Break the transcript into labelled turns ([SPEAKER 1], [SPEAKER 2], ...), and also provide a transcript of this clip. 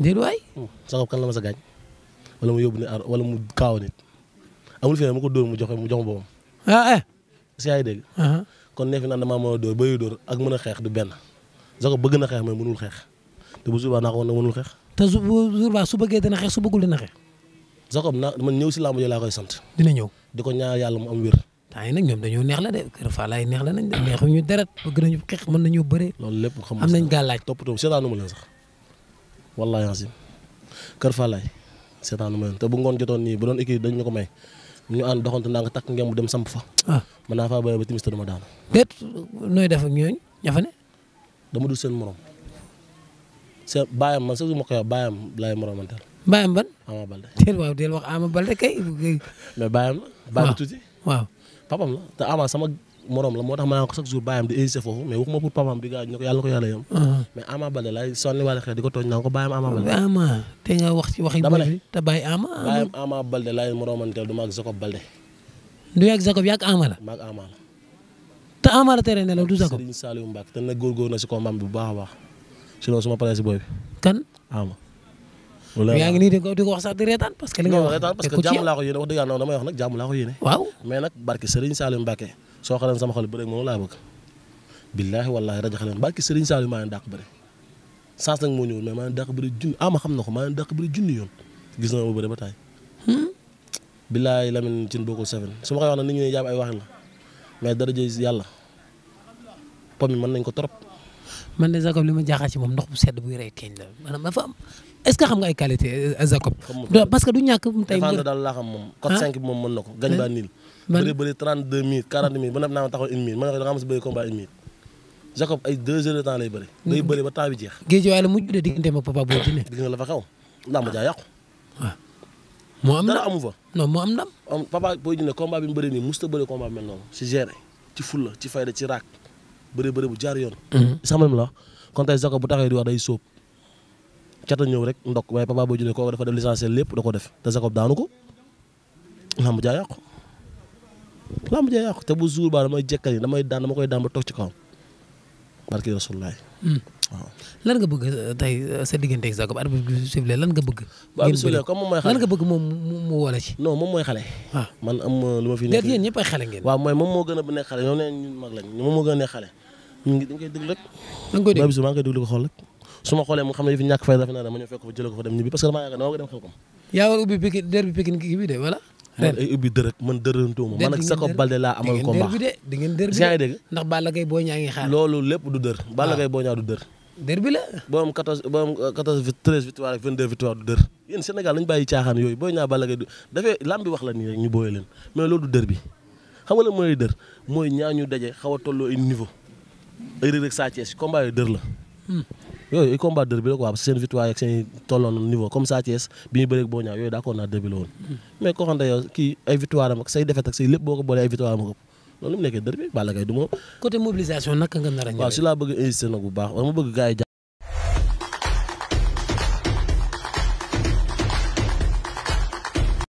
[SPEAKER 1] déedéet waay. Hmm. sagab kan la ma sa gaañ wala mu yóbbu ne ar wala mu kaaw nit amul fi ne ma ko door mu joxe mu jox ma boppam. ah eh. si yaay dégg. Uh-huh. kon neef yi naan damaa a dóor ak mën a xeex du benn sagab bëgg na xeex mais mënul xeex te bu jour baa naa ko woon na mënul xeex.
[SPEAKER 2] te su jour baa su bëggee dina xeex su bëggul dina
[SPEAKER 1] na man ñëw si làmb ji laa koy sant. dina ñëw di ko ñaar yàlla mu am wér. temps yi nag ñoom dañoo neex la de Kër Falaye neex la nañ de
[SPEAKER 2] ñu deret bëgg nañu xeex mën nañoo bëre.
[SPEAKER 1] loolu lépp xam am nañ gàllaaj toppatoo seetaanu ma leen sax wallaahi asim Kër Falaay seetaanu ma leen te bu ngoon jotoon nii bu doon équipe dañ ñu ko may ñu ànd doxantu ndànk takk ngeen mu dem samp fa. waaw ah. mën naa faa bàyyi ba timis te duma daanu.
[SPEAKER 2] déet nooy def ak ñooñu
[SPEAKER 1] ña fa ne. dama dul seen morom. seen man sax su ma koy wax bàyyam laay moromanteel. bàyyam ban. Ama
[SPEAKER 2] Balde teel waaw teel wax Ama Balde kay.
[SPEAKER 1] mais bàyyam la. waaw bàyyam papam la Ama sama morom la moo tax ma ko chaque jour bàyyam di hésité foofu mais waxuma pour papam bi gaañ ne ko yàlla ko yàlla yam ah. mais Ama Baldé laay sonni wala xel wax ci dama ne te du maag Jacob Baldé
[SPEAKER 2] du yàgg Jacob yàgg Ama la maag Ama la
[SPEAKER 1] tere ne la du Jacob Serigne Saliou Mbacke te na si combat bi bu baax a baax ma paree si booy bi kan Ama wala yaa ngi nii di ko di soo xaran sama xol bëre moo laa bëgg billaahi wallaahi rajo xaran barki Serigne Saliou maa ngi dàq bëre sans nag moo ñëwul mais maa ngi dàq bëre junni ama xam na ko maa ngi dàq bëre junni yoon gis na ma bëre ba taay billaahi Lamine Tine bokkul seven su ma koy wax nag nit ñu ne jaam ay waxin la mais dara jëy yàlla pomme yi mën nañ ko trop
[SPEAKER 2] man de Jacob li ma jaaxal ci moom ndox bu sedd buy rey keñ la maanaam dafa am est-ce que xam nga ay qualité euh, Jacob. parce que du ñàkk tey. défendre daal laa
[SPEAKER 1] xam moom. Ah. code 5 bi moom mën na ko. gañ baa ah. niil. man bëri bëri 32 minutes 40 minutes ba nawet naa ma taxaw une minute ma ne ko da nga mos a bëri combat une minute. Jacob ay 2 heures de temps lay bëri. day bëri ba temps bi jeex.
[SPEAKER 2] géej waaye la mujj de diggante ma
[SPEAKER 1] papa boo dine. digg nga la fa xew làmb jaa yàqu. waaw ah. moo am ndam dara amu fa. non moo am ndam. papa boo dine combat bi mu bëri nii mosut a bëri combat mel noonu ci géré ci fulla ci fayda ci raak bëree bëri bu jaar yoon. Mhm. sax même la kon tey Jacob bu taxee di wax day sóob cata ñëw rek ndok waaye Papa Boy Djiné kooku dafa def licencié lépp da ko def te Jacob daanu ko lamb jaa yàqu lamb jaa yàqu te bu jour ba damay jekkal yi damay daan dama koy daan ba toog ci kawam. barki rasulaay. Hmm. waaw lan nga bëgg euh, tey euh, sa digganteeg Jacob arbitre bi sifflé lan lan nga bëgg mu wala ci. non moom mooy xale. waaw ah. man am lu ma fi. nekk yéen ñëpp ay xale ngeen. waaw mooy moom moo gën a nekk xale ñoom nee mag lañ moom moo gën a nekk xale. ñu ngi dañ koy rek. da nga maa ngi koy ko xool rek. su xoolee mu xam ne fi ñàkk fay rafet naa dama ñëw fekk ko fa jëlee ko fa ñibbi parce que damaa yaakaar dama ko dem xelkom. yaa war ubbi Pikine ren ay ubbi dërëg man dërëntuuma man ak Jacob Baldé laa amal ko mbaax di ngeen dër bi de ndax Balla Gaye Boy Niang ngi xaar loolu lépp du dër ah. Balla Gaye Boy du dër bi la borom 14 borom 14 13 victoire victoire du dër yéen Sénégal lañu bàyyi caaxaan yooyu Boy Niang Balla Gaye du dafee lam bi wax la nii ñu booye leen mais loolu du dër bi xam nga la mooy dër mooy ñaa ñu daje xaw a tolloo ay niveau ay rëg rek saa Thiès combat yu dër la hmm. yooyu ay combat derby la quoi seen victoire ak seen tolloon niveau comme Sa Thiès bi ñu bëree yooyu d'accord naa derby la hmm. mais koo xam ne yow ay victoire am ak say défaite ak say lépp boo ko boolee ay victoire am ak loolu mu nekkee derby Balla Gaye du ma. mobilisation naka nga nar a ñëwee. waaw a insister nag bu baax wala ma bëgg gars yi